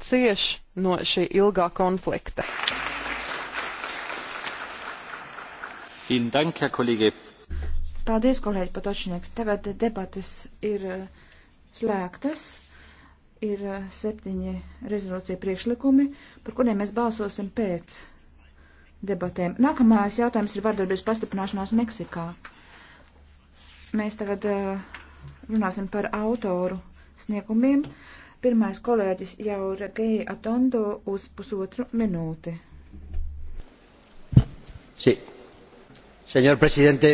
cieš no šī ilgā konflikta. Dank, Paldies, kolēģi Patočnieki. Tagad debatas ir eh, slēgtas. Ir eh, septiņi rezolūcija priekšlikumi, par kuriem mēs balsosim pēc debatēm. Nākamais jautājums ir vardarbības pastiprināšanās Meksikā. Mēs tagad eh, runāsim par autoru sniegumiem. Pirmais kolēģis jau ir Geja Atondo uz pusotru minūti. Sí. Senor presidente.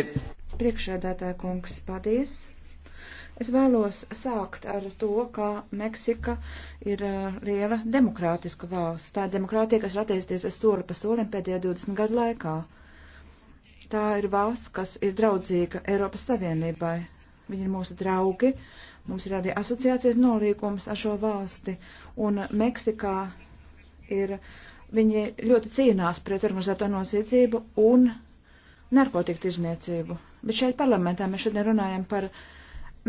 Priekšēdētāja kungs, paldies. Es vēlos sākt ar to, ka Meksika ir uh, liela demokrātiska valsts. Tā ir demokrātija, kas ir attīstījusies soli pa solim pēdējo 20 gadu laikā. Tā ir valsts, kas ir draudzīga Eiropas Savienībai. Viņi ir mūsu draugi. Mums ir arī asociācijas norīkums ar šo valsti. Un Meksikā ir, viņi ļoti cīnās pret organizēto noziedzību un narkotiku tirzniecību. Bet šeit parlamentā mēs šodien runājam par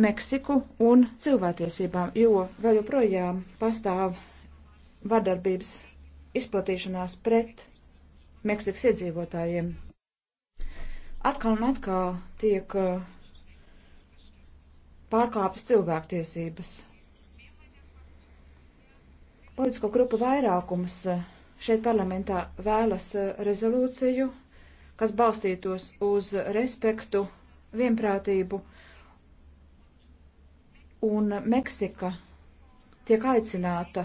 Meksiku un cilvēktiesībām, jo vēl joprojām pastāv vardarbības izplatīšanās pret Meksikas iedzīvotājiem. Atkal un atkal tiek uh, pārkāpis cilvēktiesības. Politisko grupu vairākums eh, šeit parlamentā vēlas eh, rezolūciju, kas balstītos uz respektu, vienprātību, un Meksika tiek aicināta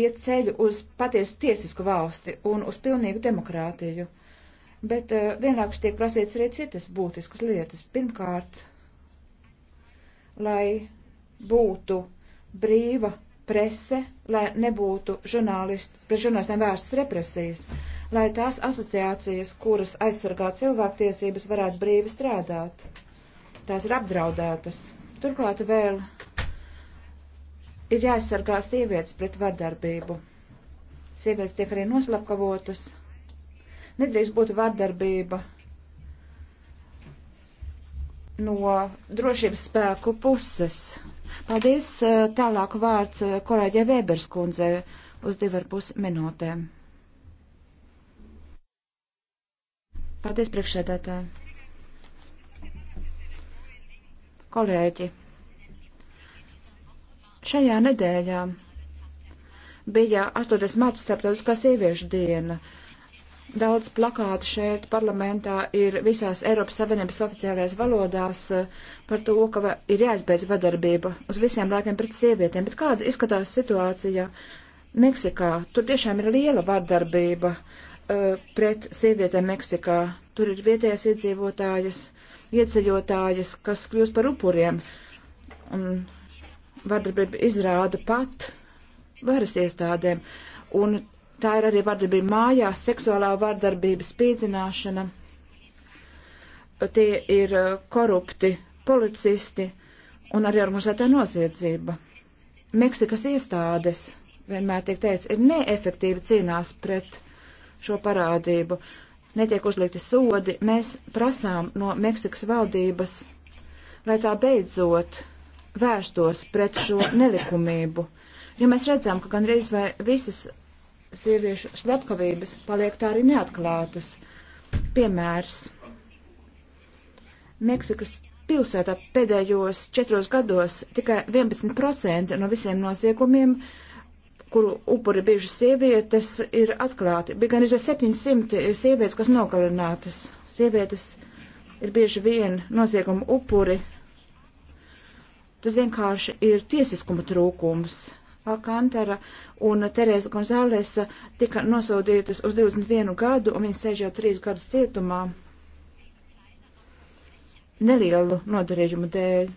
iet ceļu uz patiesu tiesisku valsti un uz pilnīgu demokrātiju, bet eh, vienlaikus tiek prasīts arī citas būtiskas lietas. Pirmkārt, lai būtu brīva prese, lai nebūtu žurnālisti, pret žurnālistiem vērstas represijas, lai tās asociācijas, kuras aizsargā cilvēktiesības, varētu brīvi strādāt. Tās ir apdraudētas. Turklāt vēl ir jāaizsargā sievietes pret vardarbību. Sievietes tiek arī noslapkavotas. Nedrīkst būt vardarbība no drošības spēku puses. Paldies. Eh, tālāk vārds eh, kolēģē Vēberskundzei uz divar pus minūtēm. Paldies, priekšsēdētāji. Kolēģi, šajā nedēļā bija 8. marta starptautiskā sieviešu diena. Uh, Daudz plakātu šeit parlamentā ir visās Eiropas Savienības oficiālajās valodās eh, par to, ka ir jāizbeidz vadarbība uz visiem laikiem pret sievietēm. Bet kāda izskatās situācija Meksikā? Tur tiešām ir liela vardarbība uh, pret sievietēm Meksikā. Tur ir vietējās iedzīvotājas, ieceļotājas, kas kļūst par upuriem. Un vardarbība izrāda pat varas iestādēm. Un Tā ir arī vardarbība mājās, seksuālā vardarbība, spīdzināšana. Tie ir uh, korupti policisti un arī organizētā noziedzība. Meksikas iestādes, vienmēr tiek teicis, ir neefektīvi cīnās pret šo parādību. Netiek uzlikti sodi. Mēs prasām no Meksikas valdības, lai tā beidzot vērstos pret šo nelikumību. Jo mēs redzam, ka gandrīz vai visas sieviešu slepkavības paliek tā arī neatklātas. Piemērs. Meksikas pilsētā pēdējos četros gados tikai 11% no visiem noziegumiem, kuru upuri bijušas sievietes, ir atklāti. Bija gan arī 700 sievietes, kas nogalinātas. Sievietes ir bieži vien nozieguma upuri. Tas vienkārši ir tiesiskuma trūkums Alkantara un Tereza Gonzālesa tika nosodītas uz 21 gadu, un viņas sēž jau 3 gadus cietumā nelielu nodarījumu dēļ,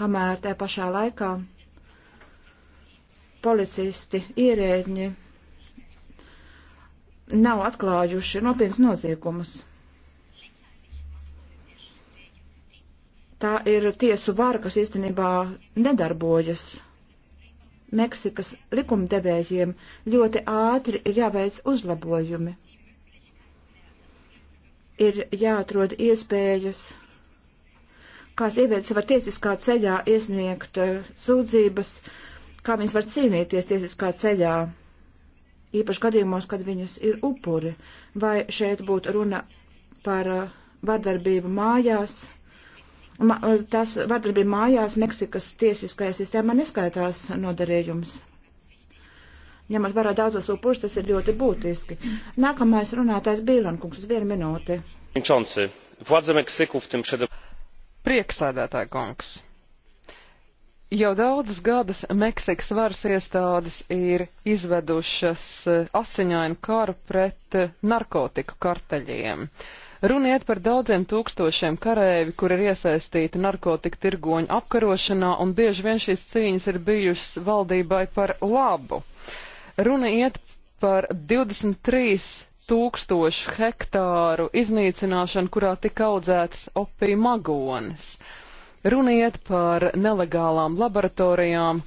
kamēr tajā pašā laikā policisti, ierēģi nav atklājuši nopietnas noziegumus. Tā ir tiesu vara, kas īstenībā nedarbojas Meksikas likumdevējiem ļoti ātri ir jāveic uzlabojumi. Ir jāatrod iespējas, kā sievietes var tiesiskā ceļā iesniegt uh, sūdzības, kā viņas var cīnīties tiesiskā ceļā, īpaši gadījumos, kad viņas ir upuri, vai šeit būtu runa par uh, vardarbību mājās Ma, tās vardarbība mājās Meksikas tiesiskajā sistēmā neskaitās nodarījums. Ņemot vērā daudzos upurus, tas ir ļoti būtiski. Nākamais runātājs Bīlankungs uz vienu minūti. Prieksēdētāja kungs. Jau daudzas gadas Meksikas varas iestādes ir izvedušas eh, asiņainu karu pret eh, narkotiku karteļiem. Uh, Runiet par daudziem tūkstošiem karēvi, kur ir iesaistīti narkotika tirgoņu apkarošanā, un bieži vien šīs cīņas ir bijušas valdībai par labu. Runa iet par 23 tūkstošu hektāru iznīcināšanu, kurā tika audzētas opija magonis. Runiet par nelegālām laboratorijām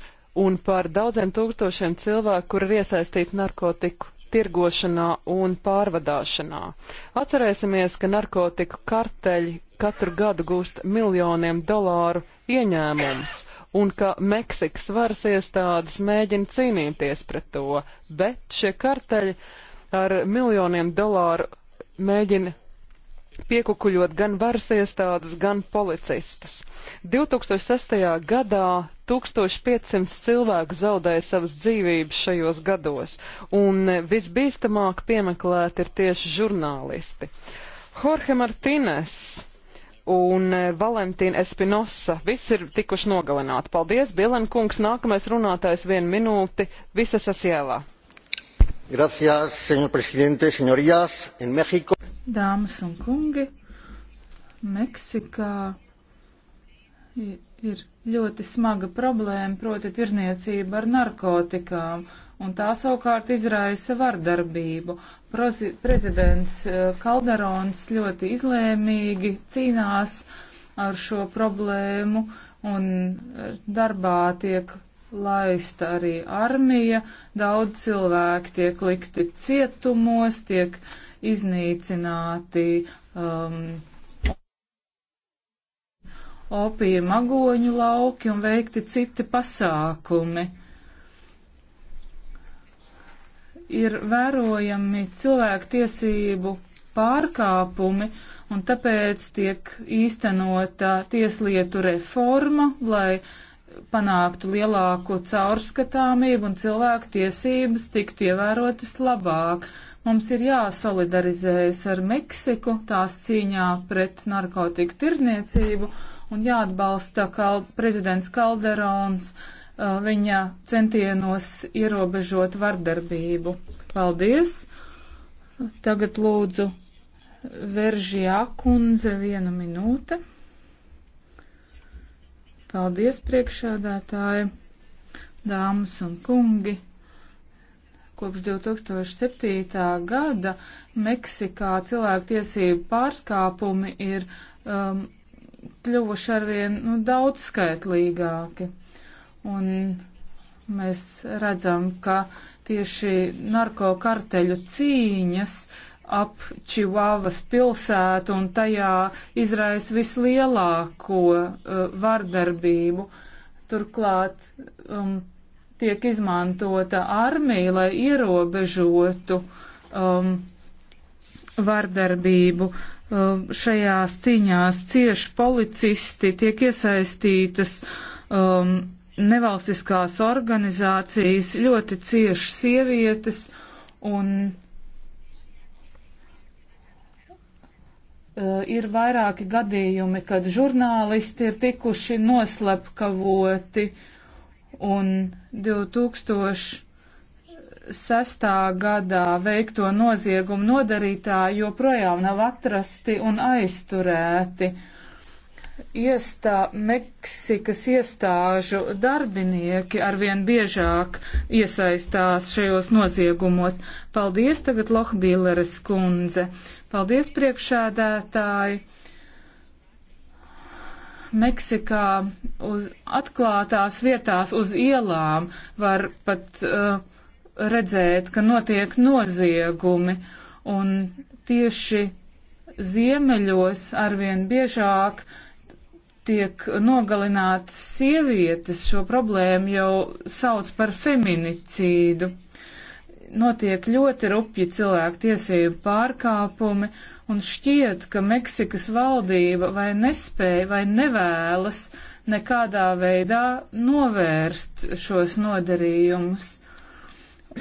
un par daudziem tūkstošiem cilvēku, kur ir iesaistīti narkotiku tirgošanā un pārvadāšanā. Atcerēsimies, ka narkotiku karteļi katru gadu gūst miljoniem dolāru ieņēmumus un ka Meksikas varas iestādes mēģina cīnīties pret to, bet šie karteļi ar miljoniem dolāru mēģina piekukuļot gan varas iestādes, gan policistus. 2006. gadā 1500 cilvēku zaudēja savas dzīvības šajos gados, un visbīstamāk piemeklēti ir tieši žurnālisti. Jorge Martines un Valentīna Espinosa, visi ir tikuši nogalināti. Paldies, Bielen kungs, nākamais runātājs vienu minūti, visas asjēvā. Gracias, señor presidente, señorías, en México. Dāmas un kungi, Meksikā ir ļoti smaga problēma, proti tirniecība ar narkotikām, un tā savukārt izraisa vardarbību. Prozi prezidents e, Kalderons ļoti izlēmīgi cīnās ar šo problēmu, un e, darbā tiek laista arī armija, daudz cilvēku tiek likti cietumos, tiek uh, iznīcināti um, opija magoņu lauki un veikti citi pasākumi. Ir vērojami cilvēktiesību pārkāpumi, un tāpēc tiek īstenota tieslietu reforma, lai uh, panāktu lielāku caurskatāmību un cilvēku tiesības tiktu ievērotas labāk. Mums ir jāsolidarizējas ar Meksiku tās cīņā pret narkotiku tirzniecību un jāatbalsta kal prezidents Kalderons uh, viņa centienos ierobežot vardarbību. Paldies! Tagad lūdzu Veržjā kundze viena minūte. Paldies, priekšādātāji, dāmas un kungi! Kopš 2007. gada Meksikā cilvēktiesību pārskāpumi ir um, kļuvuši arvien nu, daudz skaitlīgāki. Un mēs redzam, ka tieši narkokarteļu cīņas uh, ap Čivavas pilsētu un tajā izraisa vislielāko uh, vardarbību. Turklāt um, tiek izmantota armija, lai ierobežotu um, vardarbību. Um, šajās cīņās cieši policisti, tiek iesaistītas um, nevalstiskās organizācijas, ļoti cieši sievietes un uh, Eh, ir vairāki gadījumi, kad žurnālisti ir tikuši noslepkavoti un 2006. gadā veikto noziegumu nodarītāji joprojām nav atrasti un aizturēti. Iestā, Meksikas iestāžu darbinieki arvien biežāk iesaistās šajos noziegumos. Paldies tagad Lohbīleres kundze. Uh, Paldies, priekšēdētāji! Meksikā uz atklātās vietās uz ielām var pat uh, redzēt, ka notiek noziegumi, un tieši ziemeļos arvien biežāk tiek nogalinātas sievietes. Šo problēmu jau sauc par feminicīdu. Uh, notiek ļoti rupji cilvēku tiesību pārkāpumi, un šķiet, ka Meksikas valdība vai nespēja vai nevēlas nekādā veidā novērst šos nodarījumus.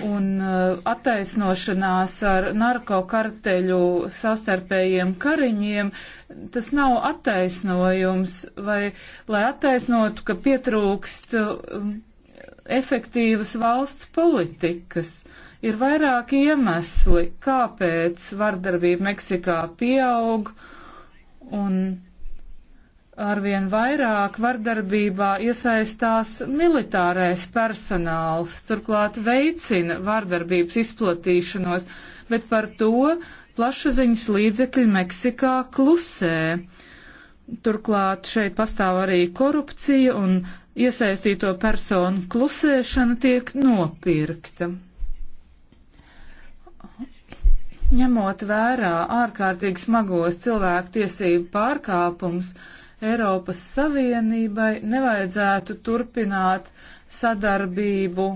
Un uh, attaisnošanās ar narkokarteļu sastarpējiem kariņiem, tas nav attaisnojums, vai lai attaisnotu, ka pietrūkst uh, efektīvas valsts politikas. Ir vairāki iemesli, kāpēc vardarbība Meksikā pieaug un arvien vairāk vardarbībā iesaistās militārais personāls, turklāt veicina vardarbības izplatīšanos, bet par to plašsaziņas līdzekļi Meksikā klusē. Turklāt šeit pastāv arī korupcija un iesaistīto personu klusēšana tiek nopirkta. Ņemot vērā ārkārtīgi smagos cilvēku tiesību pārkāpums, Eiropas Savienībai nevajadzētu turpināt sadarbību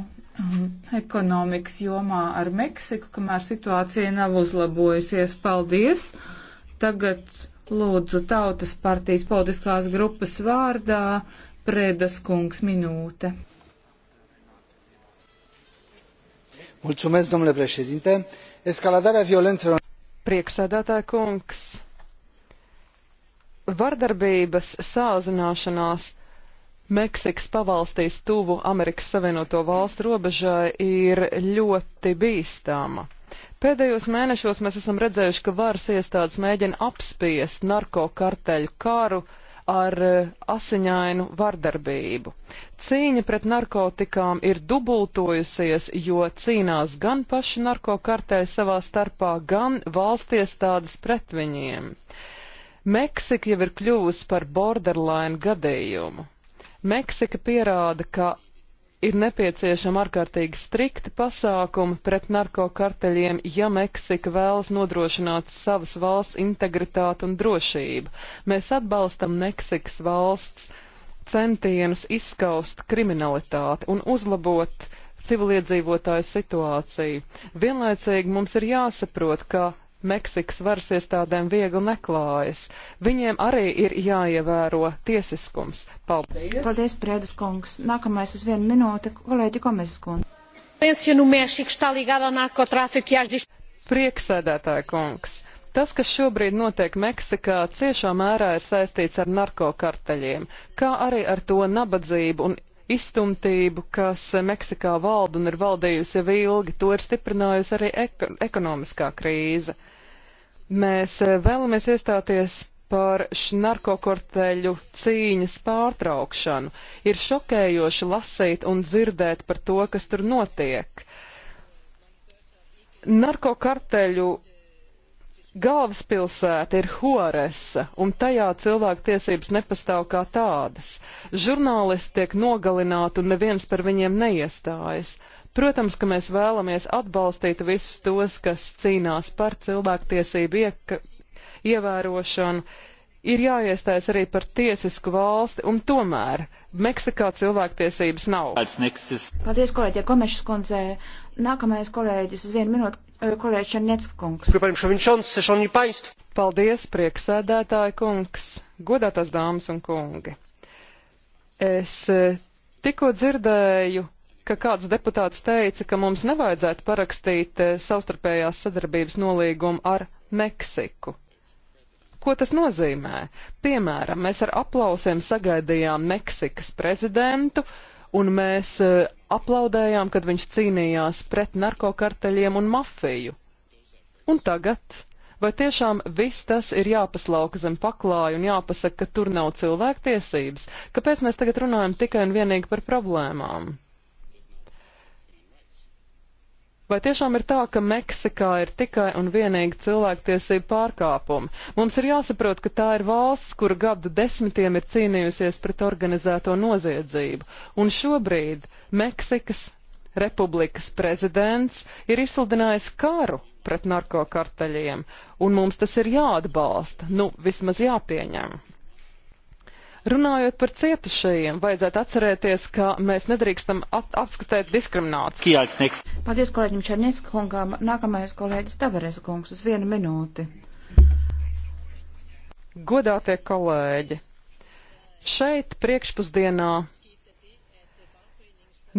ekonomikas jomā ar Meksiku, kamēr situācija nav uzlabojusies. Paldies! Tagad lūdzu Tautas partijas politiskās grupas vārdā Prēdas kungs minūte eskaladarea violențelor. Priekšsēdētāja kungs, vardarbības sāzināšanās Meksikas pavalstīs tuvu Amerikas Savienoto valstu robežai ir ļoti bīstama. Pēdējos mēnešos mēs esam redzējuši, ka varas iestādes mēģina apspiest narkokarteļu karu, uh, ar eh, asiņainu vardarbību. Cīņa pret narkotikām ir dubultojusies, jo cīnās gan paši narkokartē savā starpā, gan valstiestādes pret viņiem. Meksika jau ir kļuvusi par borderline gadījumu. Meksika pierāda, ka ir nepieciešama ārkārtīgi strikti pasākumi pret narkokarteļiem, ja Meksika vēlas nodrošināt savas valsts integritāti un drošību. Mēs atbalstam Meksikas valsts centienus izskaust kriminalitāti un uzlabot civiliedzīvotāju situāciju. Vienlaicīgi mums ir jāsaprot, ka Meksikas varas iestādēm viegli neklājas. Viņiem arī ir jāievēro tiesiskums. Paldies! Paldies, Prēdas kungs! Nākamais uz vienu minūti, kolēģi komisijas kundze. Nu Prieksēdētāja kungs! Tas, kas šobrīd notiek Meksikā, ciešā mērā ir saistīts ar narkokarteļiem, kā arī ar to nabadzību un izstumtību, kas Meksikā valda un ir valdījusi jau ilgi. To ir stiprinājusi arī ek ekonomiskā krīze. Mēs eh, vēlamies iestāties par narkokorteļu cīņas pārtraukšanu. Ir šokējoši lasīt un dzirdēt par to, kas tur notiek. Narkokarteļu galvaspilsēta ir Horesa, un tajā cilvēku tiesības nepastāv kā tādas. Žurnālisti tiek nogalināti, un neviens par viņiem neiestājas. Protams, ka mēs vēlamies atbalstīt visus tos, kas cīnās par cilvēktiesību ievērošanu. Ir jāiestājas arī par tiesisku valsti, un tomēr Meksikā cilvēktiesības nav. Paldies, kolēģi, Komešas kundze. Nākamais kolēģis uz vienu minūti, eh, kolēģis Černiecka kungs. Paldies, prieksēdētāji kungs, godātās dāmas un kungi. Es eh, tikko dzirdēju ka kāds deputāts teica, ka mums nevajadzētu parakstīt eh, savstarpējās sadarbības nolīgumu ar Meksiku. Ko tas nozīmē? Piemēram, mēs ar aplausiem sagaidījām Meksikas prezidentu, un mēs eh, aplaudējām, kad viņš cīnījās pret narkokarteļiem un mafiju. Un tagad, vai tiešām viss tas ir jāpaslauka zem paklāja un jāpasaka, ka tur nav cilvēktiesības? Kāpēc mēs tagad runājam tikai un vienīgi par problēmām? Vai tiešām ir tā, ka Meksikā ir tikai un vienīgi cilvēktiesība pārkāpumi? Mums ir jāsaprot, ka tā ir valsts, kura gadu desmitiem ir cīnījusies pret organizēto noziedzību. Un šobrīd Meksikas republikas prezidents ir izsludinājis karu pret narkokartaļiem, un mums tas ir jāatbalsta, nu, vismaz jāpieņem. Runājot par cietušajiem, vajadzētu atcerēties, ka mēs nedrīkstam apskatīt diskrimināciju. Kijāsnieks. Paldies kolēģim Černiecku kungām. Nākamais kolēģis Tavares kungs uz vienu minūti. Godātie kolēģi, šeit priekšpusdienā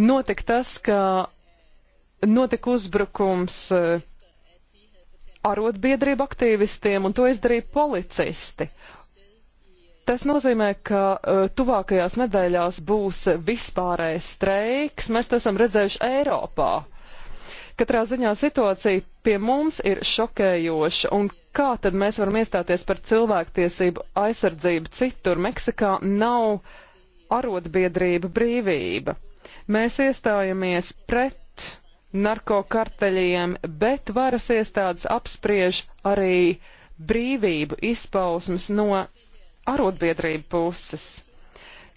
notika tas, ka notika uzbrukums eh, arotbiedrību aktīvistiem, un to izdarīja policisti. Tas nozīmē, ka uh, tuvākajās nedēļās būs vispārējais streiks. Mēs to esam redzējuši Eiropā. Katrā ziņā situācija pie mums ir šokējoša, un kā tad mēs varam iestāties par cilvēktiesību aizsardzību citur? Meksikā nav arotbiedrība brīvība. Mēs iestājamies pret narkokarteļiem, bet varas iestādes apspriež arī brīvību izpausmas no arotbiedrību puses.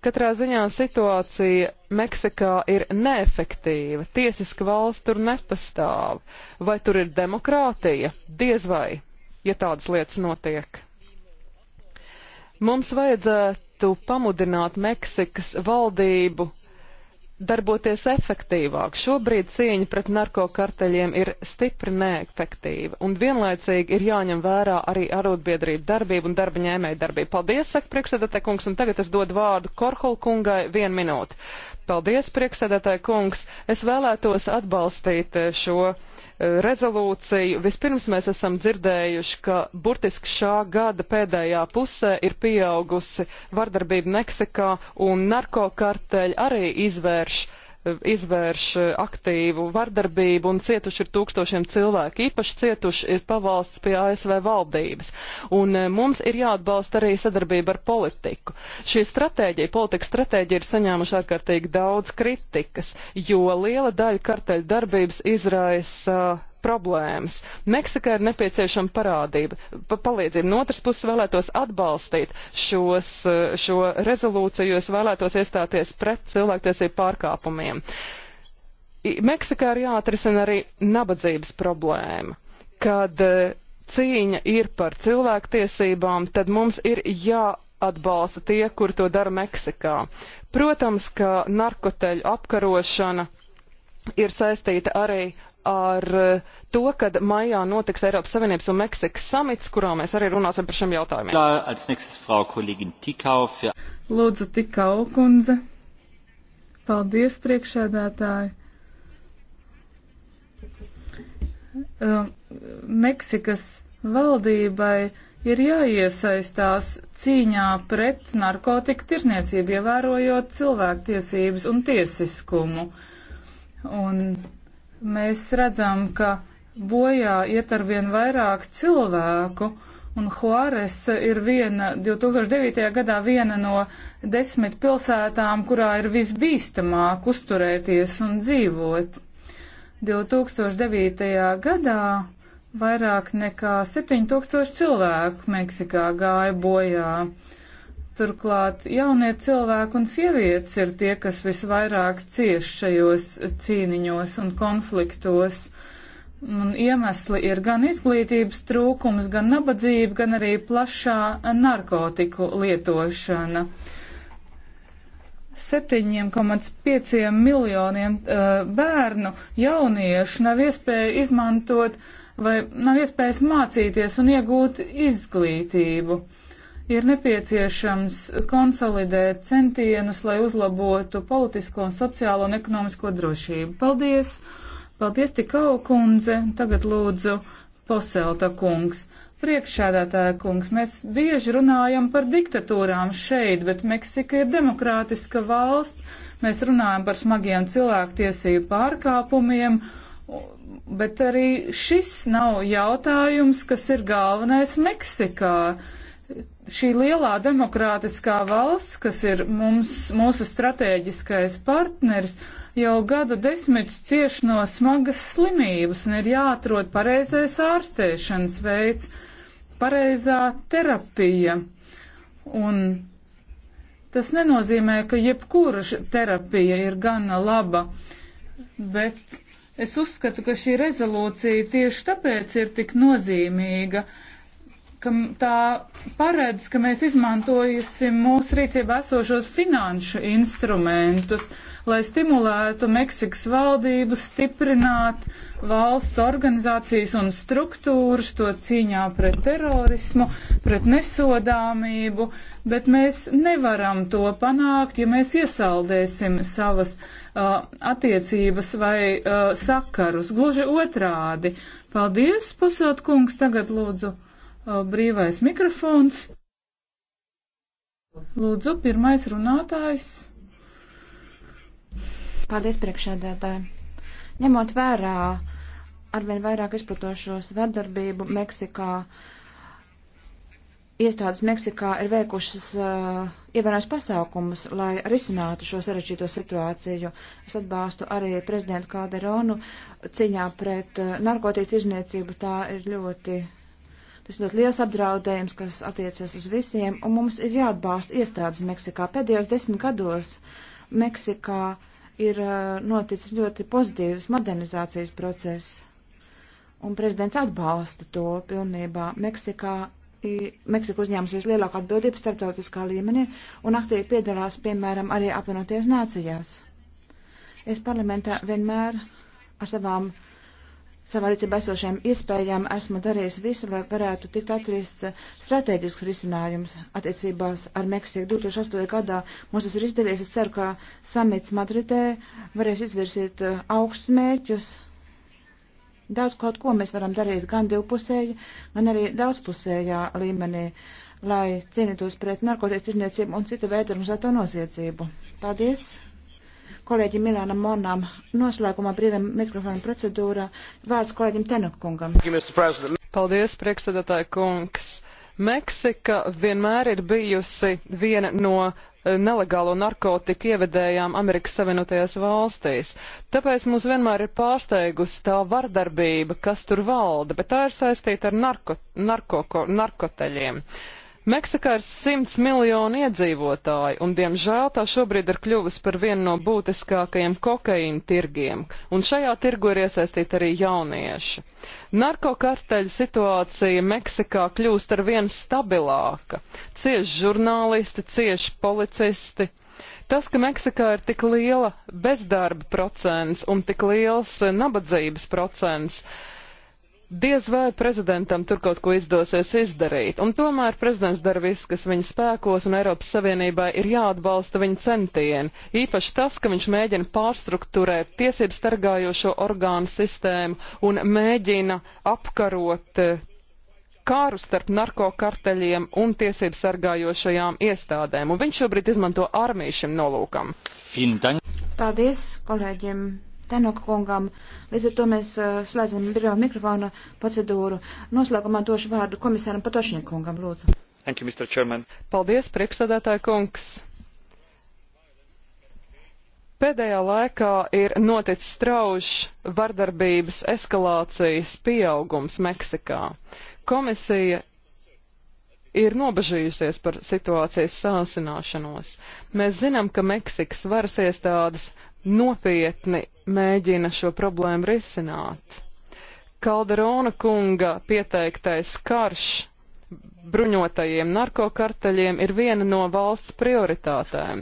Katrā ziņā situācija Meksikā ir neefektīva, tiesiska valsts tur nepastāv. Vai tur ir demokrātija? Diez vai, ja tādas lietas notiek. Mums vajadzētu pamudināt Meksikas valdību darboties efektīvāk. Šobrīd cīņa pret narkokarteļiem ir stipri neefektīva, un vienlaicīgi ir jāņem vērā arī arotbiedrību darbību un darba ņēmēju darbību. Paldies, saka priekšsēdētē kungs, un tagad es dodu vārdu Korholkungai vienu minūti. Paldies, priekšsēdētāji kungs. Es vēlētos atbalstīt eh, šo eh, rezolūciju. Vispirms mēs esam dzirdējuši, ka burtiski šā gada pēdējā pusē ir pieaugusi vardarbība Meksikā un narkokarteļi arī izvērš uh, izvērš eh, aktīvu vardarbību un cietuši ir tūkstošiem cilvēku. Īpaši cietuši ir pavalsts pie ASV valdības. Un eh, mums ir jāatbalsta arī sadarbība ar politiku. Šī stratēģija, politikas stratēģija ir saņēmuši ārkārtīgi daudz kritikas, jo liela daļa karteļu darbības izraisa uh, problēmas. Meksikai ir nepieciešama parādība, pa palīdzība. No otras puses vēlētos atbalstīt šos, eh, šo rezolūciju, es vēlētos iestāties pret cilvēktiesību pārkāpumiem. Meksikā ir jāatrisina arī nabadzības problēma. Kad eh, cīņa ir par cilvēktiesībām, tad mums ir jāatbalsta tie, kur to dara Meksikā. Protams, ka narkoteļu apkarošana ir saistīta arī ar eh, to, kad maijā notiks Eiropas Savienības un Meksikas samits, kurā mēs arī runāsim par šiem jautājumiem. Lūdzu, Tikau kundze. Paldies, priekšēdētāji. Um, Meksikas valdībai ir jāiesaistās cīņā pret narkotiku tirzniecību, ievērojot cilvēktiesības un tiesiskumu. Un mēs redzam, ka bojā iet ar vien vairāk cilvēku, un Juarese ir viena, 2009. gadā viena no desmit pilsētām, kurā ir visbīstamāk uzturēties un dzīvot. 2009. gadā vairāk nekā 7000 cilvēku Meksikā gāja bojā. Turklāt jaunie cilvēki un sievietes ir tie, kas visvairāk cieš šajos cīniņos un konfliktos. Un iemesli ir gan izglītības trūkums, gan nabadzība, gan arī plašā narkotiku lietošana. 7,5 miljoniem uh, bērnu jauniešu nav iespēja izmantot vai nav iespējas mācīties un iegūt izglītību. Uh, ir nepieciešams konsolidēt centienus, lai uzlabotu politisko, sociālo un ekonomisko drošību. Paldies! Paldies tikau kundze, tagad lūdzu Poselta kungs. Priekšsēdētāja kungs, mēs bieži runājam par diktatūrām šeit, bet Meksika ir demokrātiska valsts, mēs runājam par smagiem cilvēktiesību pārkāpumiem, bet arī šis nav jautājums, kas ir galvenais Meksikā. Uh, šī lielā demokrātiskā valsts, kas ir mums, mūsu strateģiskais partneris, jau gadu desmitus cieš no smagas slimības un ir jāatrod pareizais ārstēšanas veids, pareizā terapija. Un tas nenozīmē, ka jebkura terapija ir gana laba, bet es uzskatu, ka šī rezolūcija tieši tāpēc ir tik nozīmīga ka tā paredz, ka mēs izmantojasim mūsu rīcībā esošos finanšu instrumentus, lai stimulētu Meksikas valdību stiprināt valsts organizācijas un struktūras to cīņā pret terorismu, pret nesodāmību, bet mēs nevaram to panākt, ja mēs iesaldēsim savas uh, attiecības vai uh, sakarus. Gluži otrādi. Paldies, pusotkungs, tagad lūdzu brīvais mikrofons. Lūdzu, pirmais runātājs. Paldies, priekšēdētāji. Ņemot vērā arvien vairāk izplatošos vardarbību Meksikā, iestādes Meksikā ir veikušas uh, ievērojams pasākumus, lai risinātu šo sarežģīto situāciju. Es atbalstu arī prezidentu Kāderonu ciņā pret uh, narkotiku izniecību. Tā ir ļoti Tas ļoti liels apdraudējums, kas attiecas uz visiem, un mums ir jāatbalsta iestādes Meksikā. Pēdējos desmit gados Meksikā ir uh, noticis ļoti pozitīvs modernizācijas process, un prezidents atbalsta to pilnībā. Meksikā Meksika uzņēmusies lielāku atbildību starptautiskā līmenī un aktīvi piedalās, piemēram, arī apvienoties nācijās. Es parlamentā vienmēr ar savām uh, savā rīcībā esošajām iespējām esmu darījis visu, lai varētu tikt atriests strateģisks risinājums attiecībās ar Meksiku. 2008. gadā mums tas ir izdevies. Es ceru, ka samits Madridē varēs izvirsīt uh, augstus mērķus. Daudz kaut ko mēs varam darīt gan divpusēji, gan arī daudzpusējā līmenī, lai cīnītos pret narkotiku tirniecību un citu veidu organizēto noziedzību. Paldies! kolēģim Milānam Monam noslēgumā brīvam mikrofonu procedūrā vārds kolēģim Tenokungam. Paldies, priekšsēdētāja kungs. Meksika vienmēr ir bijusi viena no eh, nelegālo narkotiku ievedējām Amerikas Savienotajās valstīs. Tāpēc mums vienmēr ir pārsteigusi tā vardarbība, kas tur valda, bet tā ir saistīta ar narko, narko, narkoteļiem. Narko Meksikā ir 100 miljoni iedzīvotāji, un diemžēl tā šobrīd ir kļuvusi par vienu no būtiskākajiem kokaīna tirgiem, un šajā tirgu ir iesaistīti arī jaunieši. Narkokarteļu situācija Meksikā kļūst ar vien stabilāka. Cieši žurnālisti, cieši policisti. Tas, ka Meksikā ir tik liela bezdarba procents un tik liels nabadzības procents, uh, diez vai prezidentam tur kaut ko izdosies izdarīt. Un tomēr prezidents dara visu, kas viņa spēkos, un Eiropas Savienībai ir jāatbalsta viņa centieni. Īpaši tas, ka viņš mēģina pārstruktūrēt tiesību stargājošo orgānu sistēmu un mēģina apkarot eh, kāru starp narkokarteļiem un tiesību sargājošajām iestādēm. Un viņš šobrīd izmanto armiju šim nolūkam. Paldies kolēģiem Tenoka kungam. Līdz ar to mēs uh, slēdzam brīvā mikrofona procedūru. Noslēgumā došu vārdu komisāram Patošņikungam, lūdzu. Thank you, Mr. Chairman. Paldies, priekšsēdētāja kungs. Pēdējā laikā ir noticis straušs vardarbības eskalācijas pieaugums Meksikā. Komisija ir nobežījusies par situācijas sāsināšanos. Mēs zinām, ka Meksikas varas iestādes nopietni mēģina šo problēmu risināt. Kalderona kunga pieteiktais karš bruņotajiem narkokarteļiem ir viena no valsts prioritātēm.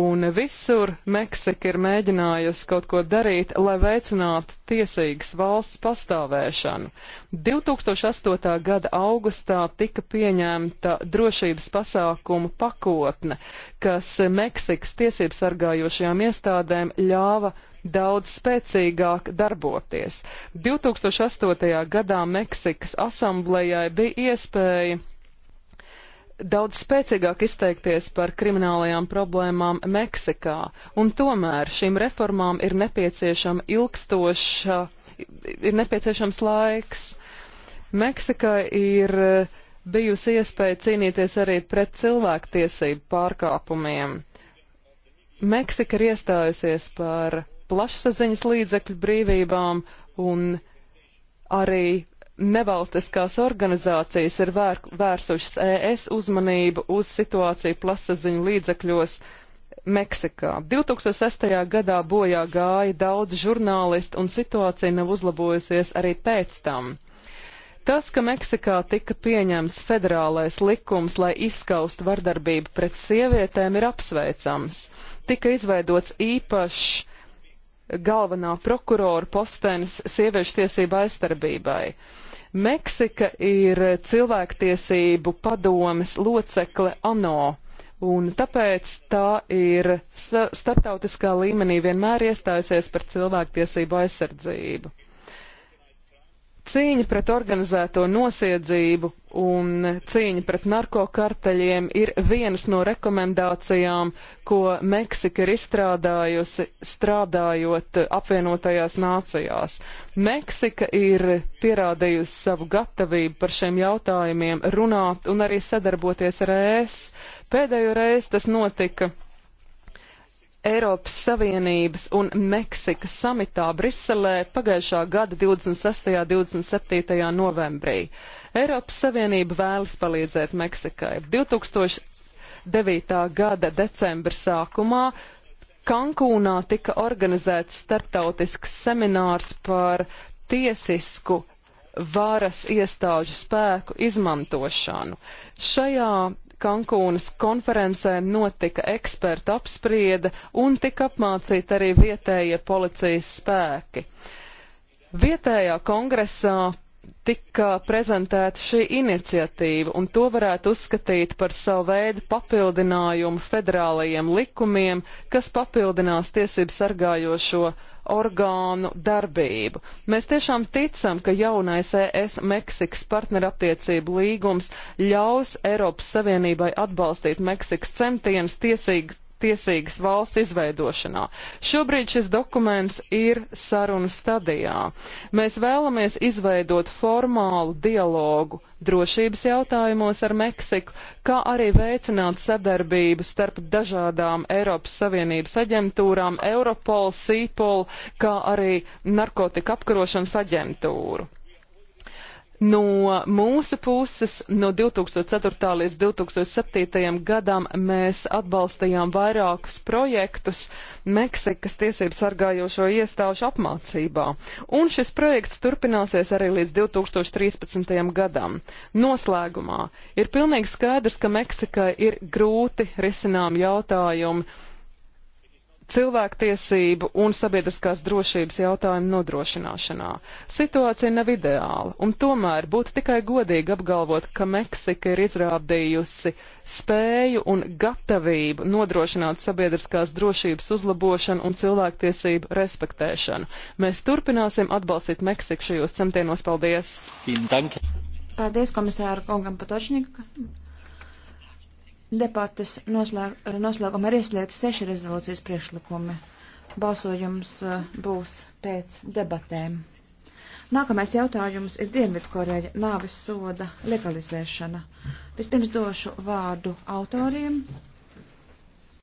Un visur Meksika ir mēģinājusi kaut ko darīt, lai veicinātu tiesīgas valsts pastāvēšanu. 2008. gada augustā tika pieņemta drošības pasākumu pakotne, kas Meksikas tiesību sargājošajām iestādēm ļāva daudz spēcīgāk darboties. 2008. gadā Meksikas asamblējai bija iespēja daudz spēcīgāk izteikties par kriminālajām problēmām Meksikā, un tomēr šīm reformām ir nepieciešama ilgstoša, ir nepieciešams laiks. Meksikai ir eh, bijusi iespēja cīnīties arī pret cilvēktiesību pārkāpumiem. Meksika ir iestājusies par plašsaziņas līdzekļu brīvībām un arī nevalstiskās organizācijas ir vēr, vērsušas ES uzmanību uz situāciju plasaziņu līdzekļos Meksikā. 2006. gadā bojā gāja daudz žurnālistu un situācija nav uzlabojusies arī pēc tam. Tas, ka Meksikā tika pieņemts federālais likums, lai izskaustu vardarbību pret sievietēm, ir apsveicams. Tika izveidots īpašs galvenā prokurora postenis sieviešu tiesību aizstarbībai. Meksika ir cilvēktiesību padomes locekle ANO, un tāpēc tā ir starptautiskā līmenī vienmēr iestājusies par cilvēktiesību aizsardzību. Cīņa pret organizēto nosiedzību un cīņa pret narkokarteļiem ir vienas no rekomendācijām, ko Meksika ir izstrādājusi strādājot apvienotajās nācijās. Meksika ir pierādījusi savu gatavību par šiem jautājumiem runāt un arī sadarboties ar ES. Pēdējo reizi tas notika Eiropas Savienības un Meksikas samitā Briselē pagājušā gada 26. un 27. novembrī. Eiropas Savienība vēlas palīdzēt Meksikai. 2009. gada decembra sākumā Kankūnā tika organizēts starptautisks seminārs par tiesisku varas iestāžu spēku izmantošanu. Šajā Kankūnas konferencē notika eksperta apspriede un tika apmācīti arī vietējie policijas spēki. Vietējā kongresā tika prezentēta šī iniciatīva, un to varētu uzskatīt par savu veidu papildinājumu federālajiem likumiem, kas papildinās tiesību sargājošo orgānu darbību. Mēs tiešām ticam, ka jaunais ES Meksikas partnerattiecību līgums ļaus Eiropas Savienībai atbalstīt Meksikas centienus tiesīgi tiesīgas valsts izveidošanā. Šobrīd šis dokuments ir sarunu stadijā. Mēs vēlamies izveidot formālu dialogu drošības jautājumos ar Meksiku, kā arī veicināt sadarbību starp dažādām Eiropas Savienības aģentūrām, Europol, Sīpol, kā arī narkotika apkarošanas aģentūru. No mūsu puses no 2004. līdz 2007. gadam mēs atbalstījām vairākus projektus Meksikas tiesību sargājošo iestāžu apmācībā, un šis projekts turpināsies arī līdz 2013. gadam. Noslēgumā ir pilnīgi skaidrs, ka Meksikai ir grūti risinām jautājumi cilvēktiesību un sabiedriskās drošības jautājumu nodrošināšanā. Situācija nav ideāla, un tomēr būtu tikai godīgi apgalvot, ka Meksika ir izrādījusi spēju un gatavību nodrošināt sabiedriskās drošības uzlabošanu un cilvēktiesību respektēšanu. Mēs turpināsim atbalstīt Meksiku šajos centienos. Paldies! Paldies komisāru Kongam Patočniku. Debates noslēgumā ir iesliegti seši rezolūcijas priekšlikumi. Balsojums eh, būs pēc debatēm. Nākamais jautājums ir Dienvidkoreja nāves soda legalizēšana. Vispirms došu vārdu autoriem.